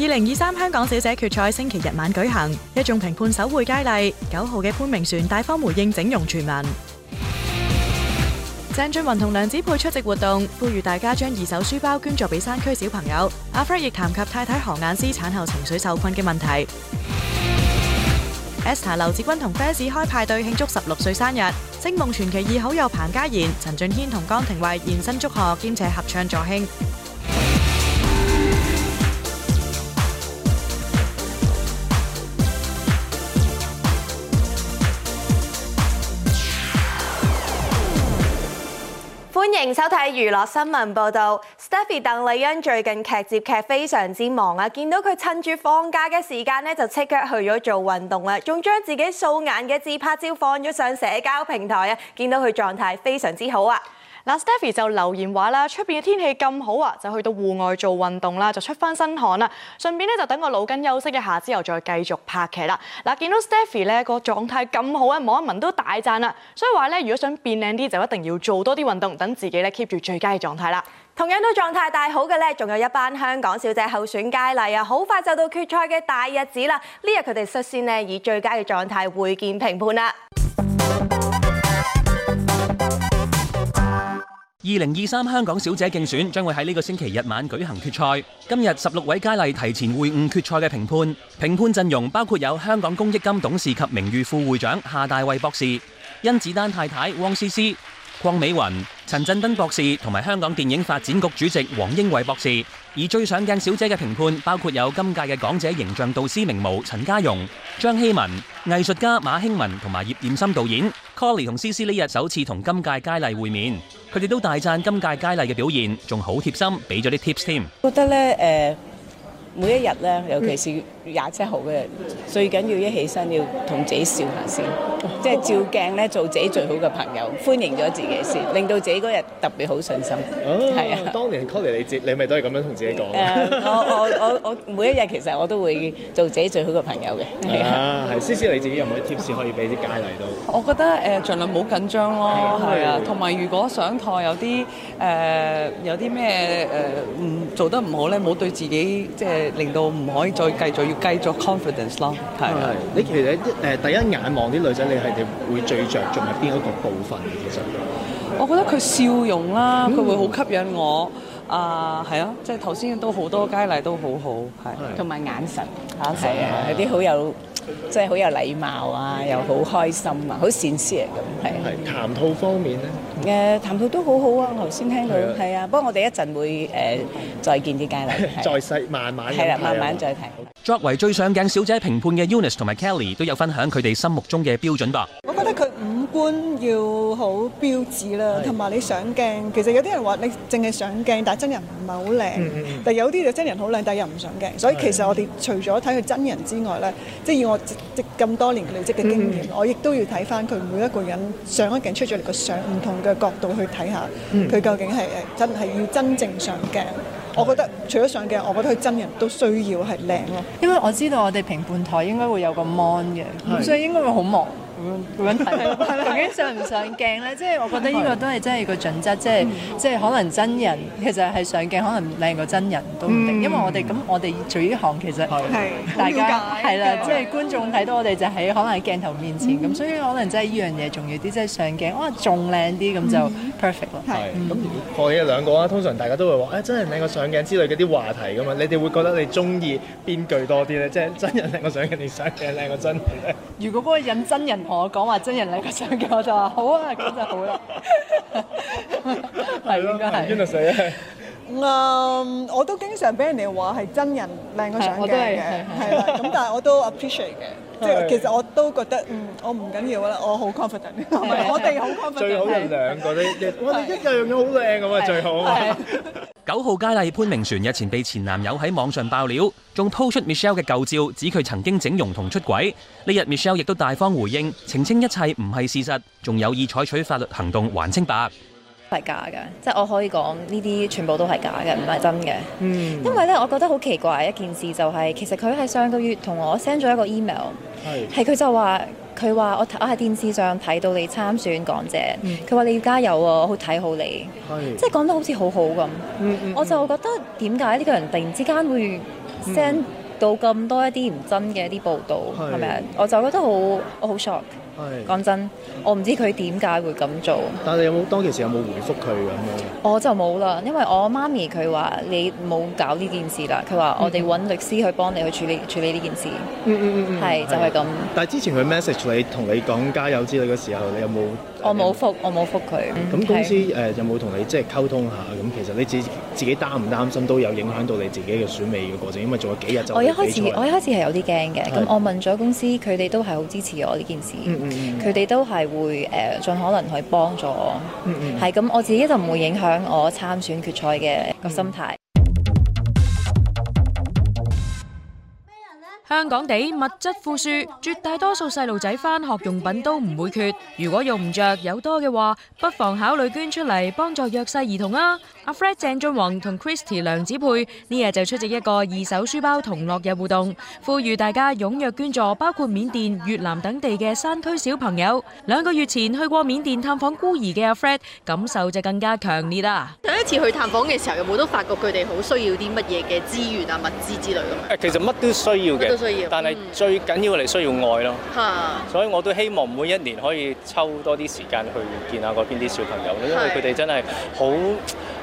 二零二三香港小姐決賽星期日晚舉行，一眾評判首會佳麗。九號嘅潘明璇大方回應整容傳聞。鄭 俊弘同梁子佩出席活動，呼籲大家將二手書包捐助俾山區小朋友。阿 Fred 亦談及太太何雁詩產後情緒受困嘅問題。Esther 劉志君同 fans 開派對慶祝十六歲生日。星夢傳奇二好友彭嘉賢、陳俊軒同江庭慧現身祝賀，兼且合唱助興。歡迎收睇娛樂新聞報道。Stephy 鄧麗欣最近劇接劇非常之忙啊，見到佢趁住放假嘅時間咧， 就即刻去咗做運動啊，仲將自己素顏嘅自拍照放咗上社交平台啊， 見到佢狀態非常之好啊。嗱，Stephy 就留言話啦，出邊嘅天氣咁好啊，就去到戶外做運動啦，就出翻身汗啦，順便咧就等個腦筋休息一下，之後再繼續拍劇啦。嗱，見到 Stephy 咧個狀態咁好啊，網民都大讚啦。所以話咧，如果想變靚啲，就一定要做多啲運動，等自己咧 keep 住最佳嘅狀態啦。同樣都狀態大好嘅咧，仲有一班香港小姐候選佳麗啊，好快就到決賽嘅大日子啦。呢日佢哋率先呢，以最佳嘅狀態會見評判啦。二零二三香港小姐競選將會喺呢個星期日晚舉行決賽。今日十六位佳麗提前會晤決賽嘅評判，評判陣容包括有香港公益金董事及名譽副會長夏大衛博士、甄子丹太太汪詩詩、鄺美雲。陳振登博士同埋香港電影發展局主席王英偉博士，以最上鏡小姐嘅評判，包括有今屆嘅港姐形象導師名模陳嘉容、張希文、藝術家馬興文同埋葉念琛導演。Colly 同詩詩呢日首次同今屆佳麗會面，佢哋都大讚今屆佳麗嘅表現，仲好貼心俾咗啲 tips 添。我覺得咧，誒、呃。每一日咧，尤其是廿七號嗰日，最緊要一起身要同自己笑下先，即係照鏡咧做自己最好嘅朋友，歡迎咗自己先，令到自己嗰日特別好信心。係啊，當年 Colly 你你咪都係咁樣同自己講。誒，我我我我每一日其實我都會做自己最好嘅朋友嘅。啊，係，思思你自己有冇啲 tips 可以俾啲佳麗都？我覺得誒，儘量冇緊張咯，係啊，同埋如果上台有啲誒有啲咩誒唔做得唔好咧，冇對自己即係。令到唔可以再繼續，要繼續 confidence 咯。係，你其實一誒第一眼望啲女仔，你係點會最着重係邊一個部分？其實我覺得佢笑容啦、啊，佢會好吸引我。嗯啊，係啊，即係頭先都好多佳麗都好好，係同埋眼神，係啊，有啲好有，即係好有禮貌啊，又好開心啊，好善思啊咁，係。係談吐方面咧？誒，談吐都好好啊，頭先聽到係啊，不過我哋一陣會誒再見啲佳麗，再細慢慢係啦，慢慢再睇。作為最上鏡小姐評判嘅 Eunice 同埋 Kelly 都有分享佢哋心目中嘅標準噃。我覺得佢五官要好標致啦，同埋你上鏡，其實有啲人話你淨係上鏡，但真人唔係好靚，嗯嗯、但有啲就真人好靚，但又唔上鏡。所以其實我哋除咗睇佢真人之外呢，即係以我即咁多年累積嘅經驗，嗯嗯、我亦都要睇翻佢每一個人上一鏡出咗嚟嘅相，唔同嘅角度去睇下佢究竟係真係要、嗯、真正上鏡、嗯、上鏡。我覺得除咗上鏡，我覺得佢真人都需要係靚咯。因為我知道我哋評判台應該會有個 mon 嘅，是所以應該會好忙。咁樣睇究竟上唔上鏡咧？即係我覺得呢個都係真係個準則，即係即係可能真人其實係上鏡，可能靚過真人都唔定，因為我哋咁我哋做呢行其實係大家係啦，即係觀眾睇到我哋就喺可能喺鏡頭面前咁，所以可能真係依樣嘢重要啲，即係上鏡哇仲靚啲咁就 perfect 咯。係咁，過咗兩個啊，通常大家都會話誒真人靚過上鏡之類嗰啲話題咁嘛。你哋會覺得你中意邊句多啲咧？即係真人靚過上鏡你上鏡靚過真人咧？如果嗰個引真人。我講話真人靚過相嘅，我就話好啊，咁就好啦。係 咯， 係。應該係。嗯，我都經常俾人哋話係真人靚過相嘅，係我都係，係啦。咁但係我都 appreciate 嘅。其實我都覺得，嗯，我唔緊要啦，我好 confident，< 是的 S 2> 我哋好 confident。是的 最好用兩個，你我哋一日用好靚咁啊，是的 最好。九號佳麗潘明璇日前被前男友喺網上爆料，仲 po 出 Michelle 嘅舊照，指佢曾經整容同出軌。呢日 Michelle 亦都大方回應，澄清一切唔係事實，仲有意採取法律行動還清白。係假嘅，即係我可以講呢啲全部都係假嘅，唔係真嘅。嗯，因為呢，我覺得好奇怪一件事，就是，就係其實佢喺上個月同我 send 咗一個 email，係是，佢就話佢話我我喺電視上睇到你參選港姐，佢話，嗯，你要加油啊，我好睇好你，是即係講得好似好好咁，嗯嗯嗯，我就覺得點解呢個人突然之間會 send 到咁多一啲唔真嘅一啲報道，係咪，嗯，是我就覺得好我好 shock。講真，我唔知佢點解會咁做。但係你有冇當其時有冇回覆佢咁樣？我就冇啦，因為我媽咪佢話你冇搞呢件事啦。佢話我哋揾律師去幫你去處理處理呢件事。嗯嗯嗯嗯，係，嗯嗯，就係咁，嗯。但係之前佢 message 你同你講加油之類嘅時候，你有冇？我冇覆，我冇覆佢。咁、嗯、公司誒是、呃、有冇同你即係溝通下？咁其實你自己自己擔唔擔心都有影響到你自己嘅選美嘅過程，因為做咗幾日就我一開始我一開始係有啲驚嘅。咁是我問咗公司，佢哋都係好支持我呢件事。佢哋、嗯嗯嗯、都係會誒、呃、盡可能去幫助我。嗯，嗯，係咁，我自己就唔會影響我參選決賽嘅個心態。嗯。香港地物質富庶，絕大多數細路仔返學用品都唔會缺。如果用唔着，有多嘅話，不妨考慮捐出嚟幫助弱勢兒童啊！阿 Fred 鄭俊弘同 Christy 梁子佩呢日就出席一個二手書包同樂日互動，呼籲大家踊躍捐助，包括緬甸、越南等地嘅山區小朋友。兩個月前去過緬甸探訪孤兒嘅阿 Fred，感受就更加強烈啦。第一次去探訪嘅時候，有冇都發覺佢哋好需要啲乜嘢嘅資源啊、物資之類咁樣？其實乜都需要嘅，都需要但係最緊要嚟需要愛咯。吓、嗯，所以我都希望每一年可以抽多啲時間去見下嗰邊啲小朋友，因為佢哋真係好。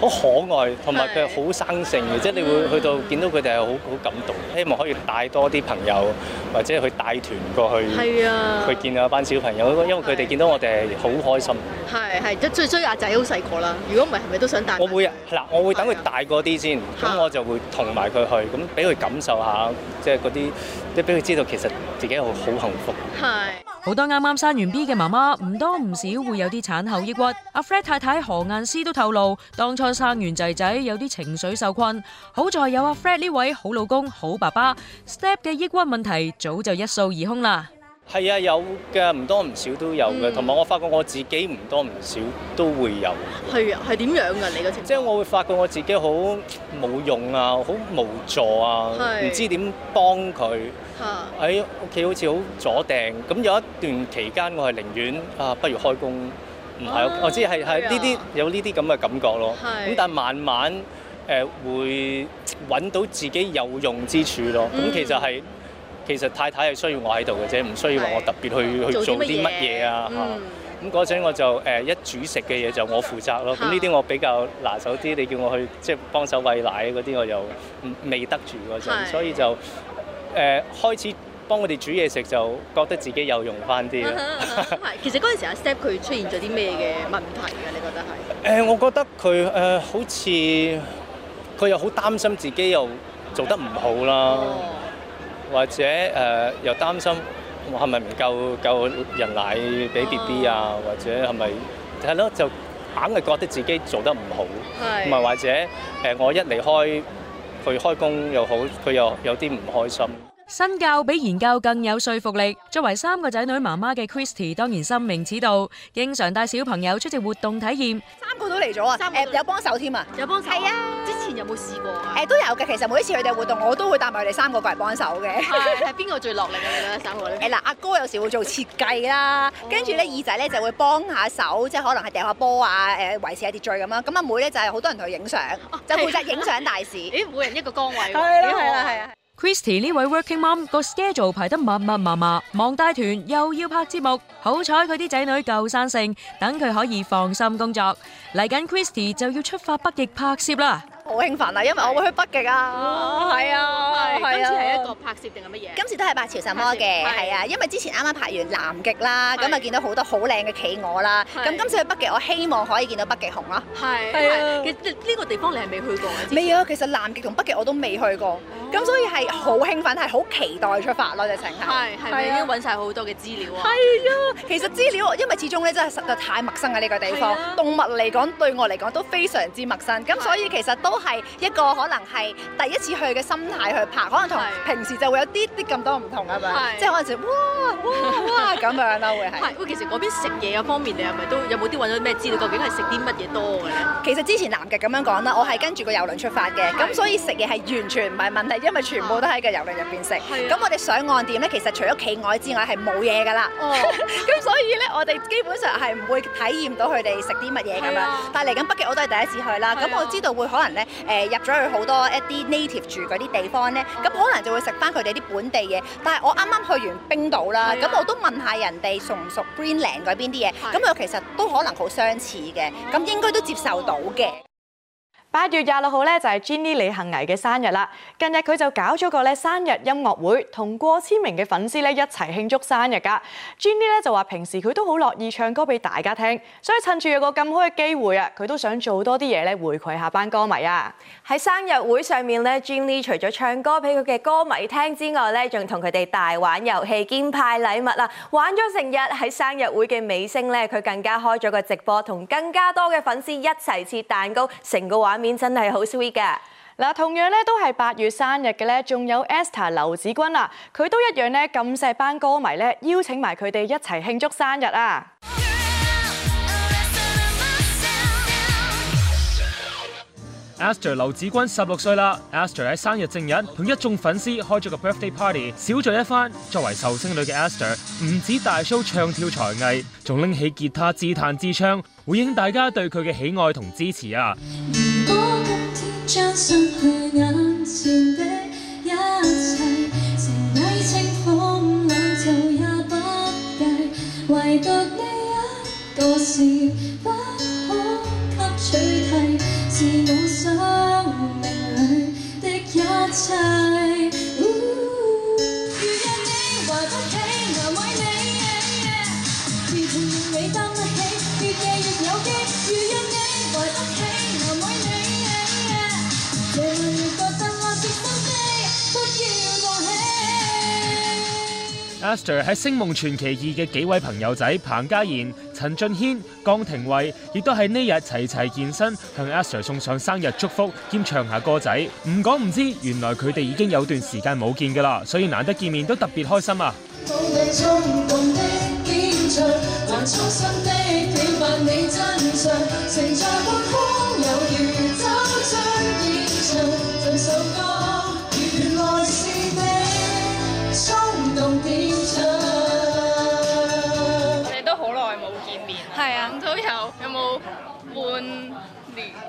好可愛，同埋佢係好生性嘅，即係的你會去到見到佢哋係好好感動，希望可以帶多啲朋友或者去帶團過去，佢的見下班小朋友，的因為佢哋見到我哋係好開心。係係，即係最衰阿仔好細個啦，如果唔係，係咪都想帶？我會，嗱，我會等佢大個啲先，咁的我就會同埋佢去，咁俾佢感受下，即係嗰啲，即係俾佢知道其實自己好好幸福。係好的多啱啱生完 B 嘅媽媽，唔多唔少會有啲產後抑鬱。阿 Fred 太太何雁詩都透露，當初，生完仔仔有啲情緒受困，好在有阿 Fred 呢位好老公、好爸爸，Step 嘅抑鬱問題早就一掃而空啦。係啊，有嘅，唔多唔少都有嘅。同埋我發覺我自己唔多唔少都會有。係啊，係點樣啊？你嘅情即係我會發覺我自己好冇用啊，好無助啊，唔知點幫佢。喺屋企好似好阻定，咁有一段期間我係寧願啊，不如開工。唔係，哦、我知係，係，呢啲有呢啲咁嘅感覺咯。咁是但係慢慢誒、呃、會揾到自己有用之處咯。咁、嗯、其實係其實太太係需要我喺度嘅啫，唔需要話我特別去去做啲乜嘢啊。咁嗰陣我就誒、呃、一煮食嘅嘢就我負責咯。咁呢啲我比較拿手啲。你叫我去即係、就是、幫手喂奶嗰啲，我又未得住嗰陣，是所以就誒、呃、開始。幫佢哋煮嘢食就覺得自己有用翻啲。咁係，其實嗰陣時阿 Step 佢出現咗啲咩嘅問題㗎？你覺得係？誒，我覺得佢誒好似佢又好擔心自己又做得唔好啦，或者誒又擔心係咪唔夠夠人奶俾 B B 啊？或者係咪係咯。就硬係覺得自己做得唔好，唔係或者誒我一離開佢開工又好，佢又有啲唔開心。身教比研究更有說服力。作為三個仔女媽媽嘅 Christy，當然心明此道，經常帶小朋友出席活動體驗。三個都嚟咗啊！誒，有幫手添啊！有幫手係啊！之前有冇試過啊？誒，都有嘅。其實每一次佢哋活動，我都會帶埋佢哋三個過嚟幫手嘅。係邊個最落力啊？三個咧？誒嗱，阿哥有時會做設計啦，跟住咧二仔咧就會幫下手，即係可能係掟下波啊，誒維持下秩序咁啦。咁阿妹咧就係好多人同佢影相，就負責影相大事。咦，每人一個崗位喎，幾好啊！係啊！Kristy 呢位 working mom 個 schedule 排得密密麻麻，忙帶團又要拍節目，好彩佢啲仔女夠生性，等佢可以放心工作。嚟緊 Kristy 就要出發北極拍攝啦！好興奮啊！因為我會去北極啊，係啊，今次係一個拍攝定係乜嘢？今次都係拍潮什麼嘅，係啊，因為之前啱啱拍完南極啦，咁就見到好多好靚嘅企鵝啦，咁今次去北極，我希望可以見到北極熊咯，係，係其實呢個地方你係未去過？未啊，其實南極同北極我都未去過，咁所以係好興奮，係好期待出發咯，就哋成係，係咪已經揾晒好多嘅資料啊？係啊，其實資料，因為始終咧真係實在太陌生嘅呢個地方，動物嚟講對我嚟講都非常之陌生，咁所以其實都。係一個可能係第一次去嘅心態去拍，可能同平時就會有啲啲咁多唔同啊嘛，是吧即係可能就哇哇哇咁樣啦會係。喂， 其實嗰邊食嘢方面，你係咪都有冇啲揾到咩資料？究竟係食啲乜嘢多嘅咧？其實之前南極咁樣講啦，我係跟住個郵輪出發嘅，咁的所以食嘢係完全唔係問題，因為全部都喺個郵輪入邊食。咁的我哋上岸點咧，其實除咗企鵝之外係冇嘢㗎啦。哦。咁 所以咧，我哋基本上係唔會體驗到佢哋食啲乜嘢咁樣。的但係嚟緊北極我都係第一次去啦，咁的我知道會可能咧。誒入咗去好多一啲 native 住嗰啲地方咧，咁可能就會食翻佢哋啲本地嘢。但係我啱啱去完冰島啦，咁、啊、我都問下人哋熟唔熟 Greenland 嗰邊啲嘢，咁佢是其實都可能好相似嘅，咁應該都接受到嘅。八月廿六號咧就係 Jenny 李幸倪嘅生日啦，近日佢就搞咗個咧生日音樂會，同過千名嘅粉絲咧一齊慶祝生日噶。Jenny 咧就話平時佢都好樂意唱歌俾大家聽，所以趁住有個咁好嘅機會啊，佢都想做多啲嘢咧回饋下班歌迷啊。喺生日會上面咧，Jenny 除咗唱歌俾佢嘅歌迷聽之外咧，仲同佢哋大玩遊戲兼派禮物啦。玩咗成日喺生日會嘅尾聲咧，佢更加開咗個直播，同更加多嘅粉絲一齊切蛋糕，成個玩。面真係好 sweet 噶！嗱、啊，同樣咧都係八月生日嘅咧，仲有 Asta 劉子君啦、啊，佢都一樣咧咁曬班歌迷咧，邀請埋佢哋一齊慶祝生日啊！Asta 劉子君十六歲啦，Asta 喺生日正日同一眾粉絲開咗個 birthday party，小聚一番。作為壽星女嘅 Asta 唔止大 show 唱跳才藝，仲拎起吉他自彈自唱，回應大家對佢嘅喜愛同支持啊！將失去眼前的一切，剩低清風兩袖也不計， 唯獨你一個是不可給取替，是我生命裏的一切。Astro 喺《聲夢傳奇二》嘅幾位朋友仔彭嘉賢、陳俊軒、江庭慧，亦都喺呢日齊齊現身向 Astro 送上生日祝福兼唱下歌仔。唔講唔知，原來佢哋已經有段時間冇見㗎啦，所以難得見面都特別開心啊！半年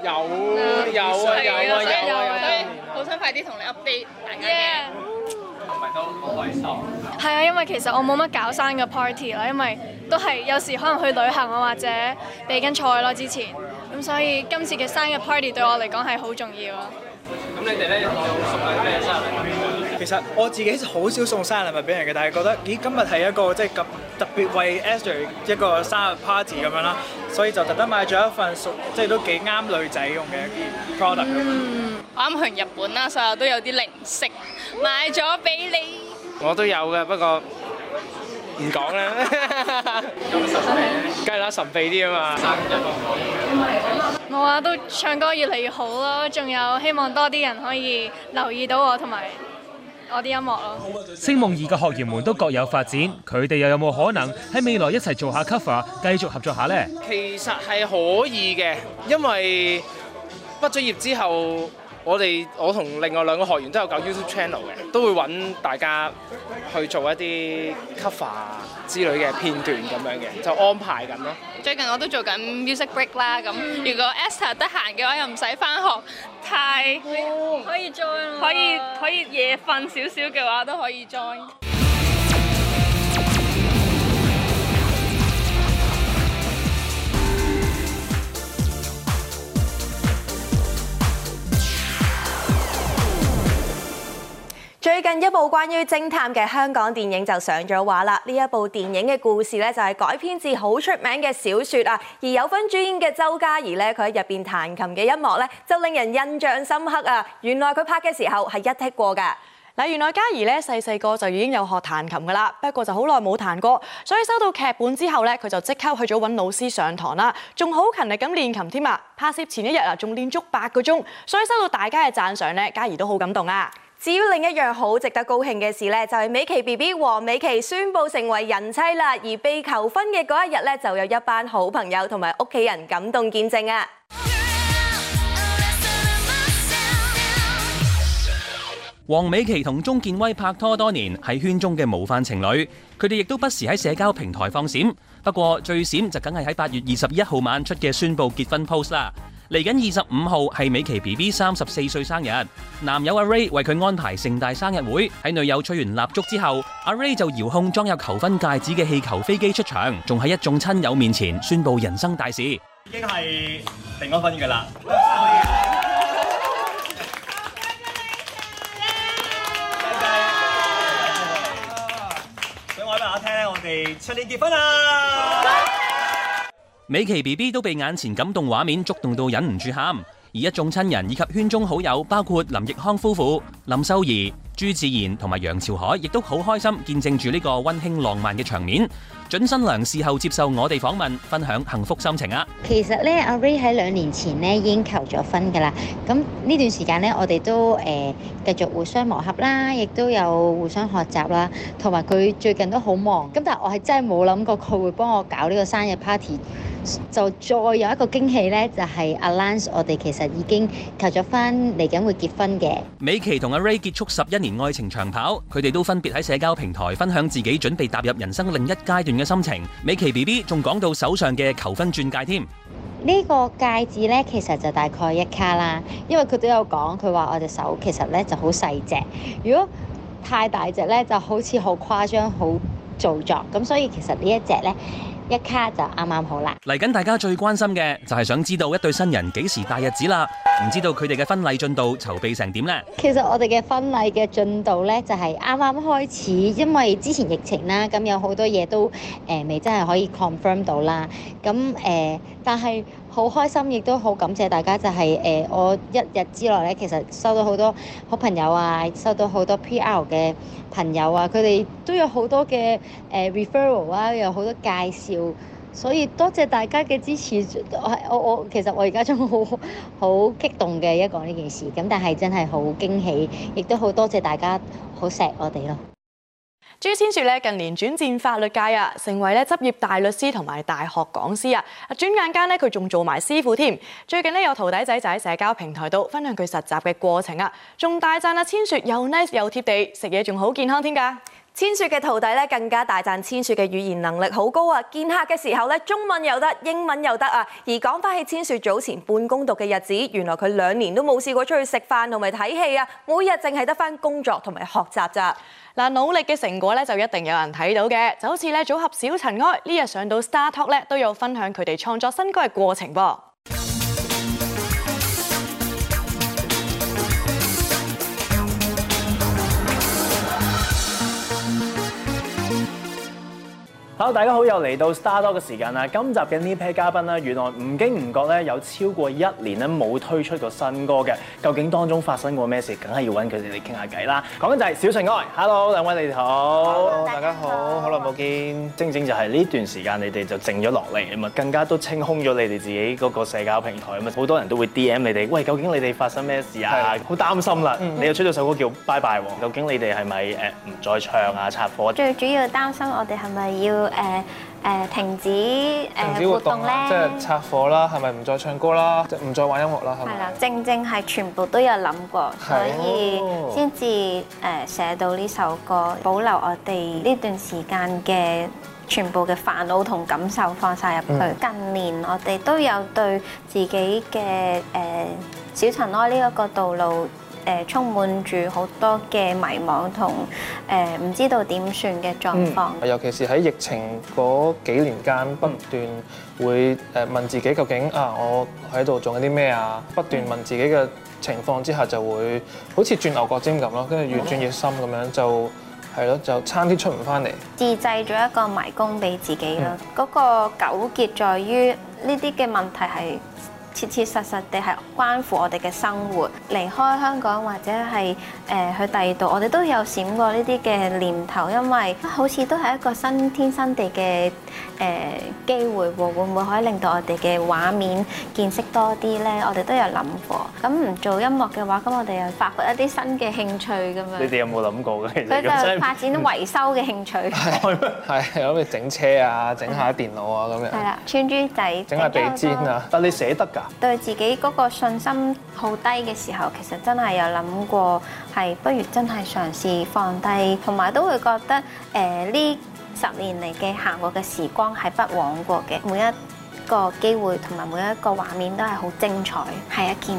有 no，有啊有有，有，有，有，有所以好想快啲同你 update 大家嘅，唔係都好開心。係啊，因為其實我冇乜搞生日 party 啦，因為都係有時可能去旅行啊，或者比緊賽咯，之前咁，所以今次嘅生日 party 對我嚟講係好重要啊。咁你哋咧有冇送啲咩生日禮物？其實我自己好少送生日禮物俾人嘅，但係覺得咦今日係一個即係咁特別為 Esther 一個生日 party 咁樣啦，所以就特登買咗一份熟，即係都幾啱女仔用嘅一啲 product、嗯。咁我啱去日本啦，所有都有啲零食買咗俾你。我都有嘅，不過。唔講啦，梗係啦， 神秘啲啊嘛，冇啊，都唱歌越嚟越好咯，仲有希望多啲人可以留意到我同埋我啲音樂咯。啊、星夢二嘅學員們都各有發展，佢哋又有冇可能喺未來一齊做一下 cover，繼續合作下呢？其實係可以嘅，因為畢咗業之後，我哋我同另外兩個學員都有搞 YouTube channel 嘅，都會揾大家去做一啲 cover 之類嘅片段咁樣嘅，就安排緊咯。最近我都做緊 music break 啦，咁如果 Esther 得閒嘅話，又唔使返學，太、哦、可以 join，可以可以，可以夜瞓少少嘅話都可以 join。最近一部關於偵探嘅香港電影就上咗畫啦！呢一部電影嘅故事咧就係改編自好出名嘅小説啊！而有份主演嘅周嘉怡咧，佢喺入邊彈琴嘅音樂咧就令人印象深刻啊！原來佢拍嘅時候係一踢過噶嗱，原來嘉怡咧細細個就已經有學彈琴噶啦，不過就好耐冇彈過，所以收到劇本之後咧，佢就即刻去咗揾老師上堂啦，仲好勤力咁練琴添啊！拍攝前一日啊，仲練足八個鐘，所以收到大家嘅讚賞咧，嘉怡都好感動啊！至於另一樣好值得高興嘅事呢就係、是、美琪 B B 黃美琪宣布成為人妻啦！而被求婚嘅嗰一日呢就有一班好朋友同埋屋企人感動見證啊！黃美琪同鍾建威拍拖多年，係圈中嘅模範情侶，佢哋亦都不時喺社交平台放閃。不過最閃就梗係喺八月二十一號晚出嘅宣布結婚 post 啦。嚟緊二十五號係美琪 B B 三十四歲生日，男友阿 Ray 為佢安排盛大生日會。喺女友吹完蠟燭之後，阿 Ray 就遙控裝有求婚戒指嘅氣球飛機出場，仲喺一眾親友面前宣布人生大事，已經係訂咗婚噶啦！開心啊！好， 恭喜你成我話俾大家聽，我哋出年結婚啦！美琪 B B 都被眼前感動畫面觸動到忍唔住喊，而一眾親人以及圈中好友，包括林奕匡夫婦、林秀儀。朱自然同埋楊潮凱亦都好開心見證住呢個溫馨浪漫嘅場面。準新娘事後接受我哋訪問，分享幸福心情啊！其實咧，阿 Ray 喺兩年前咧已經求咗婚噶啦。咁呢段時間咧，我哋都誒繼續互相磨合啦，亦都有互相學習啦。同埋佢最近都好忙。咁但係我係真係冇諗過佢會幫我搞呢個生日 party。就再有一個驚喜咧，就係阿 Lance，我哋其實已經求咗婚，嚟緊會結婚嘅。美琪同阿 Ray 結束十一年。愛情長跑，佢哋都分別喺社交平台分享自己準備踏入人生另一階段嘅心情。美琪 BB 仲講到手上嘅求婚鑽戒添。呢個戒指呢，其實就大概一卡啦，因為佢都有講，佢話我隻手其實呢就好細隻，如果太大隻呢，就好似好誇張、好做作，咁所以其實呢一隻呢。一卡就啱啱好啦！嚟緊大家最關心嘅就係、是、想知道一對新人幾時大日子啦？唔知道佢哋嘅婚禮進度籌備成點呢？其實我哋嘅婚禮嘅進度呢，就係啱啱開始，因為之前疫情啦，咁有好多嘢都誒未、呃、真係可以 confirm 到啦。咁誒、呃，但係。好開心，亦都好感謝大家，就係、是、誒、呃，我一日之內咧，其實收到好多好朋友啊，收到好多 PR 嘅朋友啊，佢哋都有好多嘅誒 referral 啊，有好多介紹，所以多謝大家嘅支持，我係我我其實我而家仲好好激動嘅一個呢件事，咁但係真係好驚喜，亦都好多謝大家好錫我哋咯。朱千雪咧，近年轉戰法律界啊，成為咧執業大律師同埋大學講師啊。轉眼間咧，佢仲做埋師傅添。最近咧，有徒弟仔就喺社交平台度分享佢實習嘅過程啊，仲大讚阿千雪又 nice 又貼地，食嘢仲好健康添㗎。千雪嘅徒弟咧更加大讚千雪嘅語言能力好高啊！見客嘅時候咧，中文又得，英文又得啊。而講翻起千雪早前半工讀嘅日子，原來佢兩年都冇試過出去食飯同埋睇戲啊，每日淨係得翻工作同埋學習咋。嗱，但努力嘅成果就一定有人睇到嘅，就好似組合小塵埃呢日上到 StarTalk 都有分享佢哋創作新歌嘅過程噃。好，大家好，又嚟到 Star Talk 嘅時間啦！今集嘅呢批嘉賓咧，原來唔經唔覺咧，有超過一年咧冇推出過新歌嘅，究竟當中發生過咩事？梗係要揾佢哋嚟傾下偈啦！講緊就係小塵埃，Hello，兩位你好，Hello, 大家好，好耐冇見，正正就係呢段時間你哋就靜咗落嚟啊嘛，更加都清空咗你哋自己嗰個社交平台啊嘛，好多人都會 D M 你哋，喂，究竟你哋發生咩事啊？好的擔心啦！Mm hmm. 你又出咗首歌叫拜拜 e 究竟你哋係咪誒唔再唱啊？插火？最主要擔心我哋係咪要？誒、呃、誒停止誒、呃、停止活動呢，即係拆夥啦，係咪唔再唱歌啦，唔再玩音樂啦，係咪？正正係全部都有諗過，所以先至誒寫到呢首歌，保留我哋呢段時間嘅全部嘅煩惱同感受放晒入去。嗯、近年我哋都有對自己嘅誒小塵埃呢一個道路，充滿住好多嘅迷茫同誒唔知道點算嘅狀況。嗯、尤其是喺疫情嗰幾年間，嗯、不斷會誒問自己究竟啊，我喺度做緊啲咩啊？不斷問自己嘅情況之下，就會好似轉牛角尖咁咯，跟住越轉越深咁樣，就係咯，就差啲出唔翻嚟。自製咗一個迷宮俾自己咯，嗰、嗯、個糾結在於呢啲嘅問題係，切切實實地係關乎我哋嘅生活，離開香港或者係誒、呃、去第二度，我哋都有閃過呢啲嘅念頭，因為好似都係一個新天新地嘅誒、呃、機會喎，會唔會可以令到我哋嘅畫面見識多啲咧？我哋都有諗過。咁唔做音樂嘅話，咁我哋又發掘一啲新嘅興趣咁樣。你哋有冇諗過嘅？其實咁發展維修嘅興趣，係係諗住整車啊，整下電腦啊咁樣。係啦，穿珠仔，整下鼻氈啊，尖但你捨得㗎？對自己嗰個信心好低嘅時候，其實真係有諗過係不如真係嘗試放低，同埋都會覺得誒呢十年嚟嘅行過嘅時光係不枉過嘅，每一個機會同埋每一個畫面都係好精彩，係一件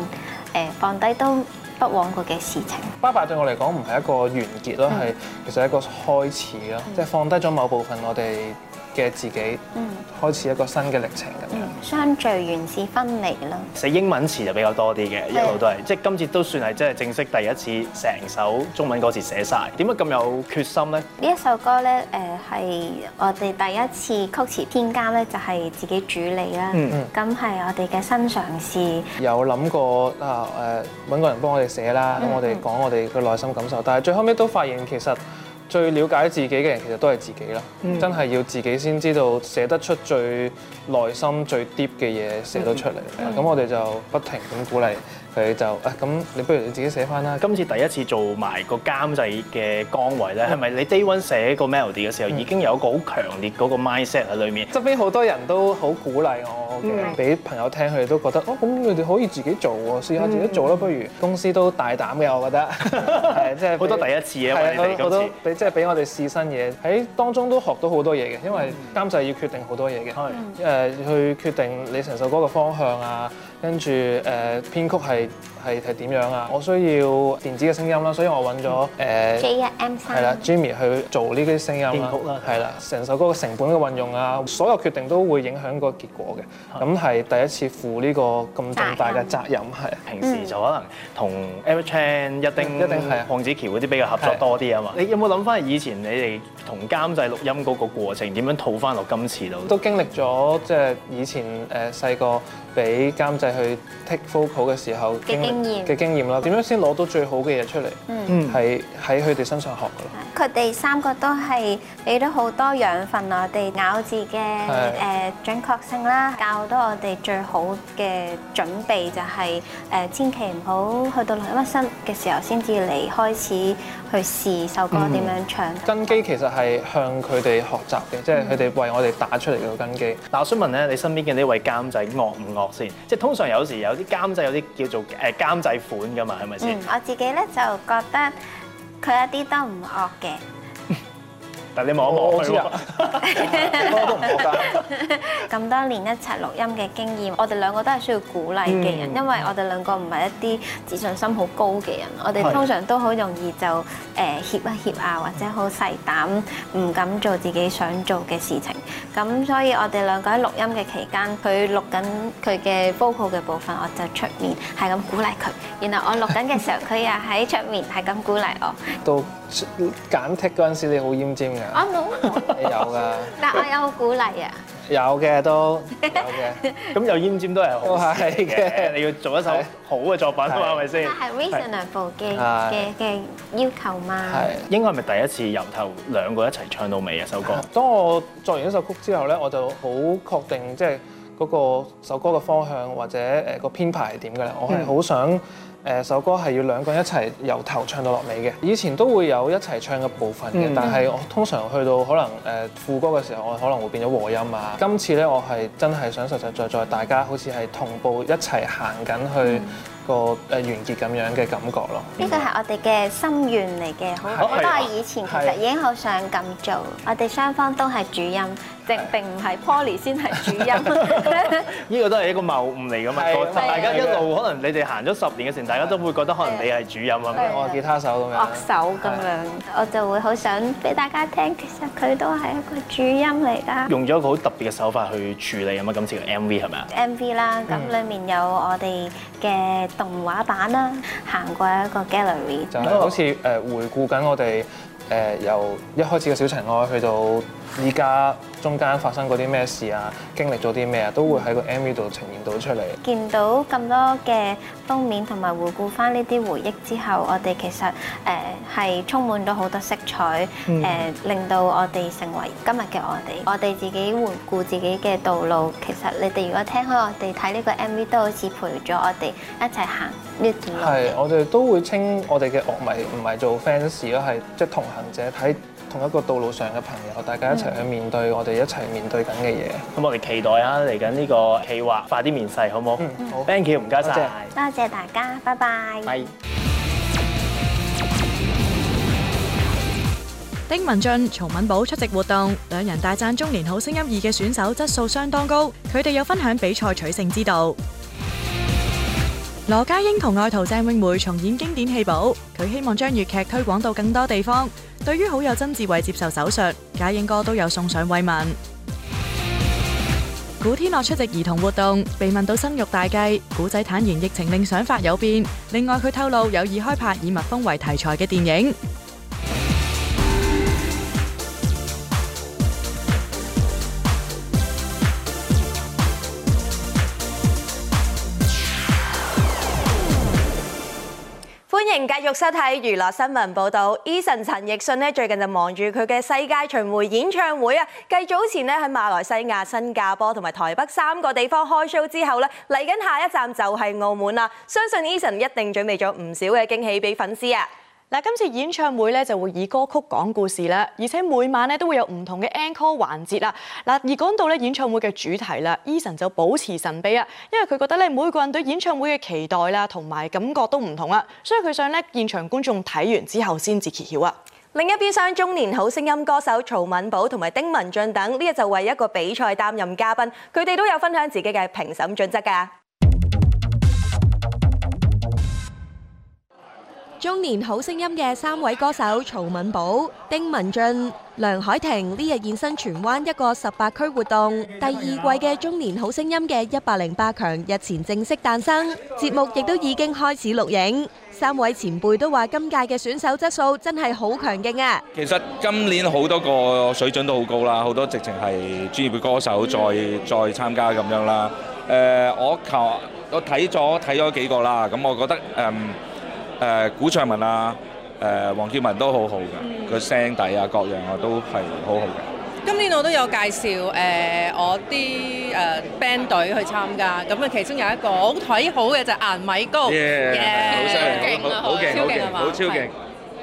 誒放低都不枉過嘅事情。爸爸對我嚟講唔係一個完結咯，係是的 其實一個開始咯，即係是的 放低咗某部分我哋。嘅自己、嗯、開始一個新嘅歷程咁樣、嗯，相聚完是分離啦。寫英文詞就比較多啲嘅，的一路都係即係今次都算係即係正式第一次成首中文歌詞寫晒。點解咁有決心咧？呢一首歌咧，誒、呃、係我哋第一次曲詞編監，咧，就係、是、自己主理啦、嗯。嗯，咁係我哋嘅新嘗試。有諗過啊誒，揾、呃、個人幫我哋寫啦。咁、嗯、我哋講我哋嘅內心感受，但係最後尾都發現其實。最了解自己嘅人其實都係自己啦，嗯、真係要自己先知道，寫得出最內心最 deep 嘅嘢寫得出嚟。咁、嗯、我哋就不停咁鼓勵。佢就啊，咁，你不如你自己寫翻啦。今次第一次做埋個監製嘅崗位咧，係咪你 Day One 寫個 Melody 嘅時候已經有一個好強烈嗰個 mindset 喺裡面？側邊好多人都好鼓勵我，俾朋友聽，佢哋都覺得哦，咁你哋可以自己做喎，試下自己做啦。不如公司都大膽嘅，我覺得。即係好多第一次嘢，位嚟，我都俾即係俾我哋試新嘢，喺當中都學到好多嘢嘅，因為監製要決定好多嘢嘅，誒去決定你成首歌嘅方向啊。跟住，誒、呃，編曲係。係係點樣啊？我需要電子嘅聲音啦，所以我揾咗誒 J1M 係啦，Jimmy 去做呢啲聲音啦。係啦，成首歌嘅成本嘅運用啊，所有決定都會影響個結果嘅。咁係第一次負呢個咁重大嘅責任，係平時就可能同 Eric Chan，一定一定係胖子喬啲比較合作多啲啊嘛。你有冇諗翻以前你哋同監製錄音個過程點樣套翻落今次度？都經歷咗即係以前誒細個俾監製去 tick vocal 嘅時候。經嘅經驗啦，點樣先攞到最好嘅嘢出嚟？嗯，係喺佢哋身上學嘅，佢哋三個都係俾咗好多養分我哋咬字嘅誒是、呃、準確性啦，教到我哋最好嘅準備就係、是、誒、呃、千祈唔好去到臨一身嘅時候先至嚟開始去試首歌點樣唱。根基、嗯、其實係向佢哋學習嘅，嗯、即係佢哋為我哋打出嚟嘅根基。嗱、嗯，我想問咧，你身邊嘅呢位監製惡唔惡先？即係通常有時有啲監製有啲叫做誒。呃監製款㗎嘛，係咪先？嗯，我自己咧就覺得佢一啲都唔惡嘅。你望我我都唔得。咁多年一齊錄音嘅經驗，我哋兩個都係需要鼓勵嘅人，因為我哋兩個唔係一啲自信心好高嘅人，我哋通常都好容易就誒怯一怯啊，或者好細膽，唔敢做自己想做嘅事情。咁所以，我哋兩個喺錄音嘅期間，佢錄緊佢嘅 b r 嘅部分，我就出面係咁鼓勵佢。然後我錄緊嘅時候，佢又喺出面係咁鼓勵我。揀剔嗰陣時，你好奄尖㗎。我冇。有㗎。但我有好鼓勵啊。有嘅都。有嘅。咁有奄尖都係好。都係嘅。你要做一首好嘅作品嘛？係咪先？係 reasonable 嘅嘅要求嘛？係。應該係咪第一次由頭兩個一齊唱到尾啊？首歌。當我作完一首曲之後咧，我就好確定即係嗰個首歌嘅方向或者誒個編排係點嘅啦。我係好想。誒首歌係要兩個人一齊由頭唱到落尾嘅，以前都會有一齊唱嘅部分嘅，但係我通常去到可能誒副歌嘅時候，我可能會變咗和音啊。今次呢，我係真係想實實在在大家好似係同步一齊行緊去個誒完結咁樣嘅感覺咯、嗯。呢個係我哋嘅心願嚟嘅，好多對我以前其實對 已經好想咁做，我哋雙方都係主音。並並唔係 Poly 先係主音，呢個都係一個謬誤嚟㗎嘛。大家一路可能你哋行咗十年嘅時候，大家都會覺得可能你係主音啊，我係吉他手咁樣。樂手咁樣，我就會好想俾大家聽，其實佢都係一個主音嚟㗎。用咗一個好特別嘅手法去處理啊嘛，今次嘅 MV 係咪啊？MV 啦，咁裡面有我哋嘅動畫版啦，行過一個 gallery，就好似誒回顧緊我哋誒由一開始嘅小情愛去到。依家中間發生過啲咩事啊？經歷咗啲咩啊？都會喺個 MV 度呈現到出嚟。見到咁多嘅封面同埋回顧返呢啲回憶之後，我哋其實誒係、呃、充滿咗好多色彩，誒、呃、令到我哋成為今日嘅我哋。我哋自己回顧自己嘅道路，其實你哋如果聽開我哋睇呢個 MV，都好似陪咗我哋一齊行呢段。係，我哋都會稱我哋嘅樂迷唔係做 fans 咯，係即同行者睇。同一個道路上嘅朋友，大家一齊去面對我哋一齊面對緊嘅嘢。咁我哋期待啊，嚟緊呢個企劃快啲面世，好冇？好，Thank you 唔該晒，多謝大家，拜拜。丁文俊、曹敏寶出席活動，兩人大讚中年好聲音二嘅選手質素相當高，佢哋有分享比賽取勝之道。羅家英同愛徒鄭詠梅重演經典戲寶，佢希望將粵劇推廣到更多地方。對於好友曾志偉接受手術，家英哥都有送上慰問。 古天樂出席兒童活動，被問到生育大計，古仔坦言疫情令想法有變。另外，佢透露有意開拍以蜜蜂為題材嘅電影。繼續收睇娛樂新聞報道，Eason 陳奕迅呢最近就忙住佢嘅世界巡迴演唱會啊，繼早前呢喺馬來西亞、新加坡同埋台北三個地方開 show 之後呢，嚟緊下，下一站就係澳門啦。相信 Eason 一定準備咗唔少嘅驚喜俾粉絲啊！嗱，今次演唱會咧就會以歌曲講故事啦，而且每晚咧都會有唔同嘅 encore 環節啦。嗱，而講到咧演唱會嘅主題啦，Eason 就保持神秘啊，因為佢覺得咧每個人對演唱會嘅期待啦同埋感覺都唔同啊，所以佢想咧現場觀眾睇完之後先至揭曉啊。另一邊廂，中年好聲音歌手曹敏寶同埋丁文俊等，呢就為一個比賽擔任嘉賓，佢哋都有分享自己嘅評審準則噶。中年好聲音嘅三位歌手曹敏寶、丁文俊、梁海婷,誒古卓文啊，誒黃建文都好好嘅，個聲底啊各樣啊都係好好嘅。今年我都有介紹誒我啲誒 band 隊去參加，咁啊其中有一個好睇好嘅就係顏米高，好犀利，好勁啊，超勁啊嘛，超勁。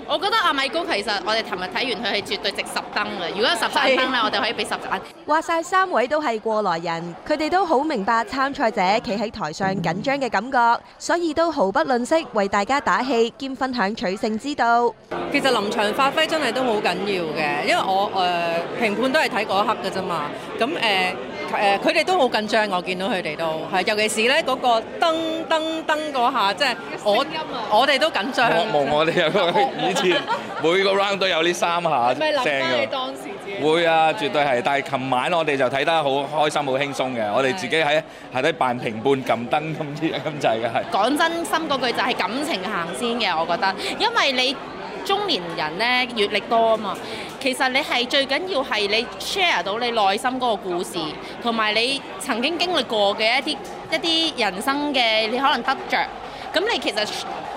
我覺得阿米高，其實我哋琴日睇完佢係絕對值十燈嘅，如果十三燈呢，是我哋可以俾十盞。 話晒三位都係過來人，佢哋都好明白參賽者企喺台上緊張嘅感覺，所以都毫不吝惜為大家打氣兼分享取勝之道。其實臨場發揮真係都好緊要嘅，因為我誒、呃、評判都係睇嗰一刻嘅啫嘛，咁誒。呃誒，佢哋都好緊張，我見到佢哋都係，尤其是咧嗰個燈燈燈嗰下，即係我我哋都緊張。惡夢，我哋有個以前每個 round 都有呢三下聲㗎。當時會啊，絕對係。但係琴晚我哋就睇得好開心，好輕鬆嘅。我哋自己喺喺底扮評判撳燈咁啲咁滯嘅係。講真心嗰句就係感情行先嘅，我覺得，因為你中年人咧，閲歷多啊嘛。其實你係最緊要係你 share 到你內心嗰個故事，同埋你曾經經歷過嘅一啲一啲人生嘅，你可能得着咁你其實。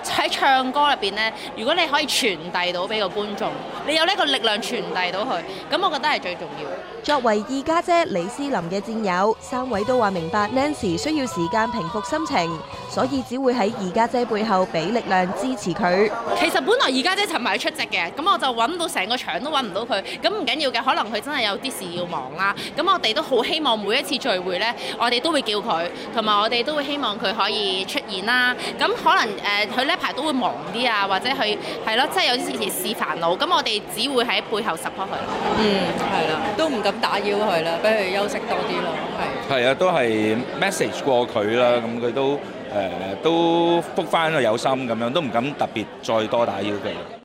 喺唱歌入邊咧，如果你可以傳遞到俾個觀眾，你有呢個力量傳遞到佢，咁我覺得係最重要。作為二家姐李思琳嘅戰友，三位都話明白 Nancy 需要時間平復心情，所以只會喺二家姐背後俾力量支持佢。其實本來二家姐尋日出席嘅，咁我就揾到成個場都揾唔到佢，咁唔緊要嘅，可能佢真係有啲事要忙啦。咁我哋都好希望每一次聚會呢，我哋都會叫佢，同埋我哋都會希望佢可以出現啦。咁可能誒佢、呃一排都會忙啲啊，或者去係咯，即係、就是、有啲事事煩惱。咁我哋只會喺背後 support 佢。嗯，係啦，都唔敢打擾佢啦，俾佢休息多啲咯。係。係啊，都係 message 過佢啦，咁佢都誒、呃、都覆翻個有心咁樣，都唔敢特別再多打擾佢。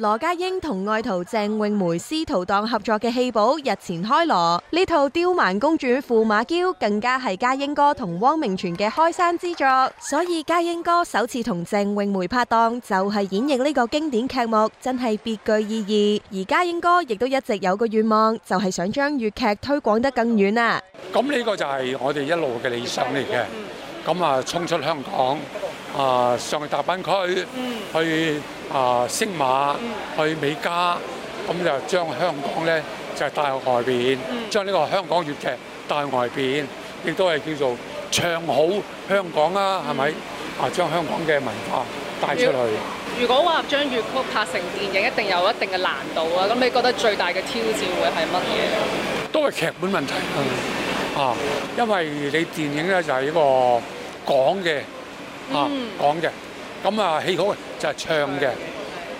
羅家英同愛徒鄭詠梅師徒檔合作嘅戲寶日前開鑼，呢套《刁蠻公主駙馬嬌》更加係家英哥同汪明荃嘅開山之作，所以家英哥首次同鄭詠梅拍檔就係演繹呢個經典劇目，真係別具意義。而家英哥亦都一直有個願望，就係想將粵劇推廣得更遠啊！咁呢個就係我哋一路嘅理想嚟嘅，咁啊衝出香港。啊！上大灣區去，啊星馬去美加，咁就將香港呢就帶去外邊，將呢個香港粵劇帶去外邊，亦都係叫做唱好香港啦，係咪？啊，將香港嘅文化帶出去。如果話將粵曲拍成電影，一定有一定嘅難度啊！咁你覺得最大嘅挑戰會係乜嘢？都係劇本問題啊！因為你電影呢就係呢個講嘅。啊，講嘅咁啊，戲好，就係、是、唱嘅。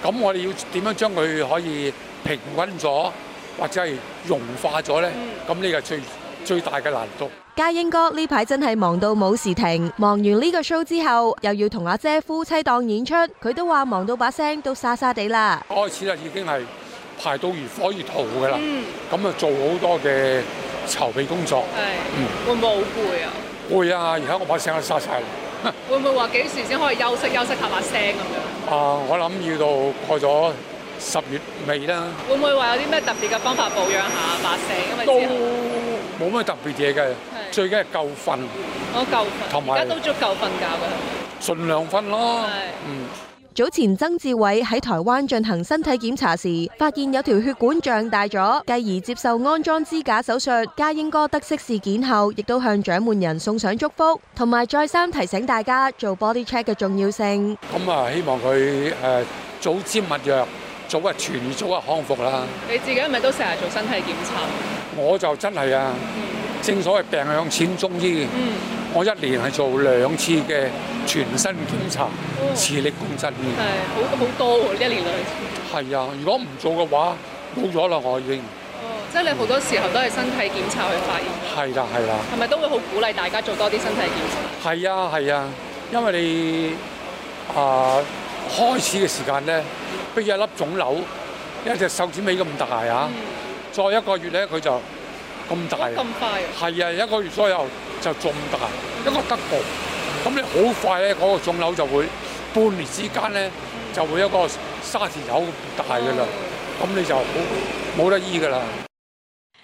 咁我哋要點樣將佢可以平穩咗，或者係融化咗咧？咁呢個最、嗯、最大嘅難度。嘉英哥呢排真係忙到冇時停，忙完呢個 show 之後，又要同阿姐夫妻檔演出，佢都話忙到把聲都沙沙地啦。開始咧已經係排到如火如荼嘅啦。咁啊、嗯、做好多嘅籌備工作。的嗯、會唔會好攰啊？攰啊，而家我把聲都沙晒。會唔會話幾時先可以休息，休息下把聲咁樣？啊，我諗要到過咗十月尾啦。會唔會話有啲咩特別嘅方法保養下把聲？都冇咩特別嘢嘅，最緊係夠瞓。我夠瞓，同埋而家都足夠瞓覺嘅，盡量瞓咯。嗯。。早前曾志偉喺台灣進行身體檢查時，發現有條血管脹大咗，繼而接受安裝支架手術。家英哥得悉事件後，亦都向獎門人送上祝福，同埋再三提醒大家做 body check 嘅重要性。咁啊，希望佢誒早佔勿藥。早日痊癒，早日康復啦！你自己係咪都成日做身體檢查？我就真係啊，正所謂病向淺中醫，我一年係做兩次嘅全身檢查，磁力共振嘅。係、哦，好好多喎、哦，一年兩次。係啊，如果唔做嘅話，冇咗啦，我已經。哦，即係你好多時候都係身體檢查去發現。係啦、啊，係啦、啊。係咪、啊、都會好鼓勵大家做多啲身體檢查？係啊，係啊，因為你啊、呃、開始嘅時間咧，比如一粒腫瘤，一隻手指尾咁大啊，嗯、再一個月咧佢就咁大。咁快啊！係啊，一個月左右。就仲大一個得暴，咁你好快咧嗰、那個腫瘤就會半年之間咧就會一個沙字口咁大嘅啦，咁你就冇冇得醫噶啦。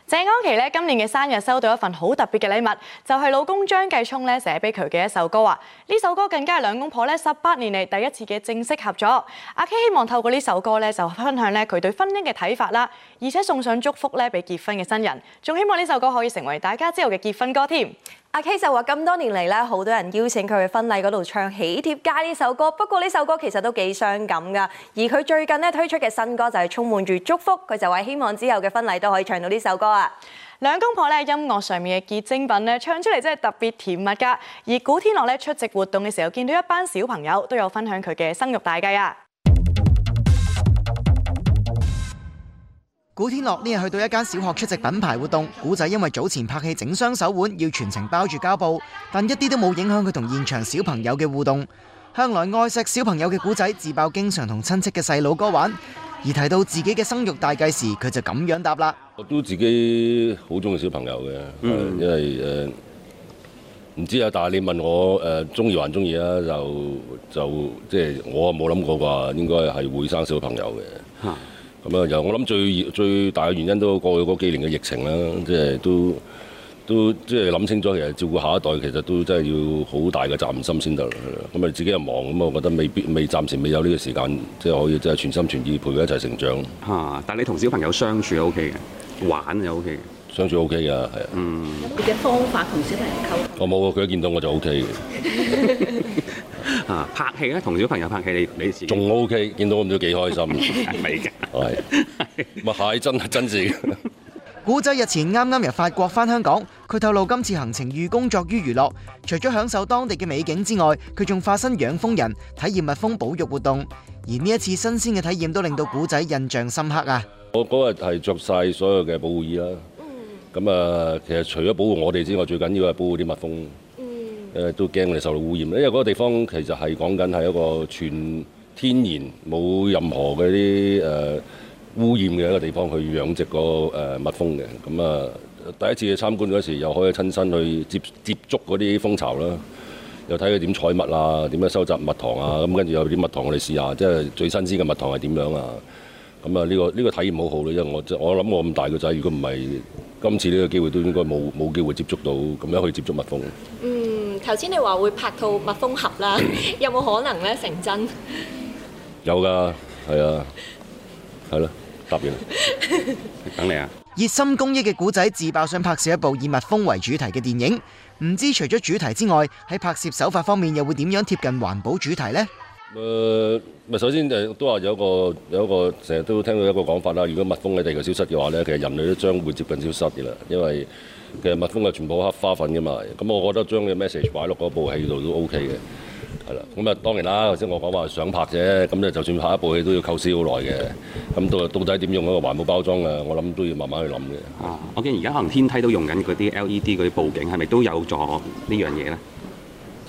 謝安琪咧今年嘅生日收到一份好特別嘅禮物，就係、是、老公張繼聰咧寫俾佢嘅一首歌啊！呢首歌更加係兩公婆咧十八年嚟第一次嘅正式合作。阿、啊、K 希望透過呢首歌咧就分享咧佢對婚姻嘅睇法啦，而且送上祝福咧俾結婚嘅新人，仲希望呢首歌可以成為大家之後嘅結婚歌添。阿 K 就話咁多年嚟咧，好多人邀請佢去婚禮嗰度唱《喜帖街》呢首歌。不過呢首歌其實都幾傷感噶。而佢最近咧推出嘅新歌就係充滿住祝福。佢就話希望之後嘅婚禮都可以唱到呢首歌啊。兩公婆咧音樂上面嘅結晶品咧，唱出嚟真係特別甜蜜噶。而古天樂咧出席活動嘅時候，見到一班小朋友都有分享佢嘅生育大計啊。古天樂呢日去到一間小學出席品牌活動，古仔因為早前拍戲整傷手腕，要全程包住膠布，但一啲都冇影響佢同現場小朋友嘅互動。向來愛錫小朋友嘅古仔，自爆經常同親戚嘅細佬哥玩，而提到自己嘅生育大計時，佢就咁樣答啦：我都自己好中意小朋友嘅，因為誒呃、唔知啊，但係你問我誒中意還中意啊，就就即係、就是、我冇諗過啩，應該係會生小朋友嘅。嗯咁啊，又、嗯、我諗最最大嘅原因都過去嗰幾年嘅疫情啦，即係都都即係諗清楚，其實照顧下一代其實都真係要好大嘅責任心先得。咁、嗯、啊，自己又忙，咁、嗯、我覺得未必未暫時未有呢個時間，即係可以即係全心全意陪佢一齊成長。嚇、啊！但係你同小朋友相處又 OK 嘅，玩又 OK 嘅，相處 OK 嘅，係啊。嗯。嘅方法同小朋友溝通。我冇啊！佢一見到我就 OK 嘅。 啊！拍戲咧，同小朋友拍戲，你你事仲 OK，見到我唔知幾開心，係嘅？ 係，咪係真係真 事？古仔日前啱啱由法國返香港，佢透露今次行程寓工作於娛樂，除咗享受當地嘅美景之外，佢仲化身養蜂人，體驗蜜蜂保育活動。而呢一次新鮮嘅體驗都令到古仔印象深刻啊！我嗰日係着晒所有嘅保護衣啦，咁啊，其實除咗保護我哋之外，最緊要係保護啲蜜蜂。誒都驚你受到污染，因為嗰個地方其實係講緊係一個全天然冇任何嘅啲誒污染嘅一個地方去養殖、個誒、呃、蜜蜂嘅。咁、嗯、啊，第一次去參觀嗰時又可以親身去接接觸嗰啲蜂巢啦，又睇佢點採蜜啊，點樣收集蜜糖啊。咁跟住有啲蜜糖我哋試下，即係最新鮮嘅蜜糖係點樣啊？咁、嗯、啊，呢、這個呢、這個體驗好好咯，因為我我諗我咁大個仔，如果唔係今次呢個機會，都應該冇冇機會接觸到咁樣去接觸蜜蜂。頭先你話會拍套蜜蜂俠啦，有冇可能咧成真？有㗎，係啊，係咯，答完，等你啊！熱心公益嘅古仔自爆想拍攝一部以蜜蜂為主題嘅電影，唔知除咗主題之外，喺拍攝手法方面又會點樣貼近環保主題咧？誒，咪首先誒，都話有一個有一個成日都聽到一個講法啦。如果蜜蜂喺地球消失嘅話咧，其實人類都將會接近消失嘅啦，因為其實蜜蜂啊，全部黑花粉嘅嘛，咁、嗯、我覺得將嘅 message 擺落嗰部戲度都 OK 嘅，係啦。咁、嗯、啊當然啦，頭先我講話想拍啫，咁、嗯、咧就算拍一部戲都要構思好耐嘅。咁、嗯、到到底點用嗰個環保包裝啊？我諗都要慢慢去諗嘅。啊，我見而家可能天梯都用緊嗰啲 LED 嗰啲布景，係咪都有咗呢樣嘢呢？